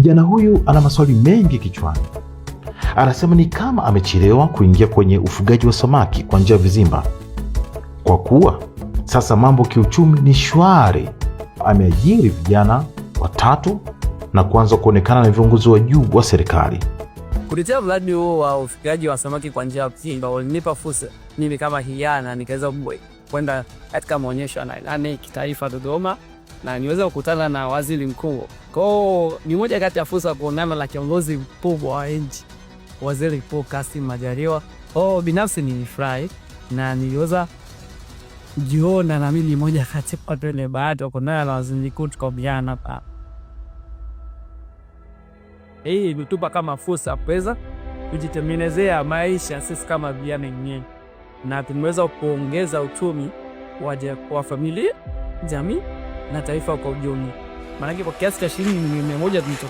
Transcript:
Kijana huyu ana maswali mengi kichwani. Anasema ni kama amechelewa kuingia kwenye ufugaji wa samaki kwa njia ya vizimba, kwa kuwa sasa mambo kiuchumi ni shwari. Ameajiri vijana watatu na kuanza kuonekana na viongozi wa juu wa serikali. Kuletea mradi huo wa ufugaji wa samaki kwa njia ya vizimba ulinipa fursa mimi kama kijana, nikaweza kwenda katika maonyesho ya kitaifa Dodoma na niweze kukutana na waziri mkuu. Kwa hiyo ni moja kati ya fursa kuonana na kiongozi mkubwa wa nchi, Waziri Mkuu Kassim Majaliwa. Oh, binafsi nilifurahi na niliweza jiona na mimi ni moja kati ya watu wenye bahati kuonana na waziri mkuu tukaombiana pa. Hii imetupa kama fursa kuweza kujitengenezea maisha sisi kama vijana wenyewe, na tumeweza kuongeza uchumi wa familia, jamii na taifa kwa ujumla, maanake kwa kiasi cha shilingi milioni mia moja tulicho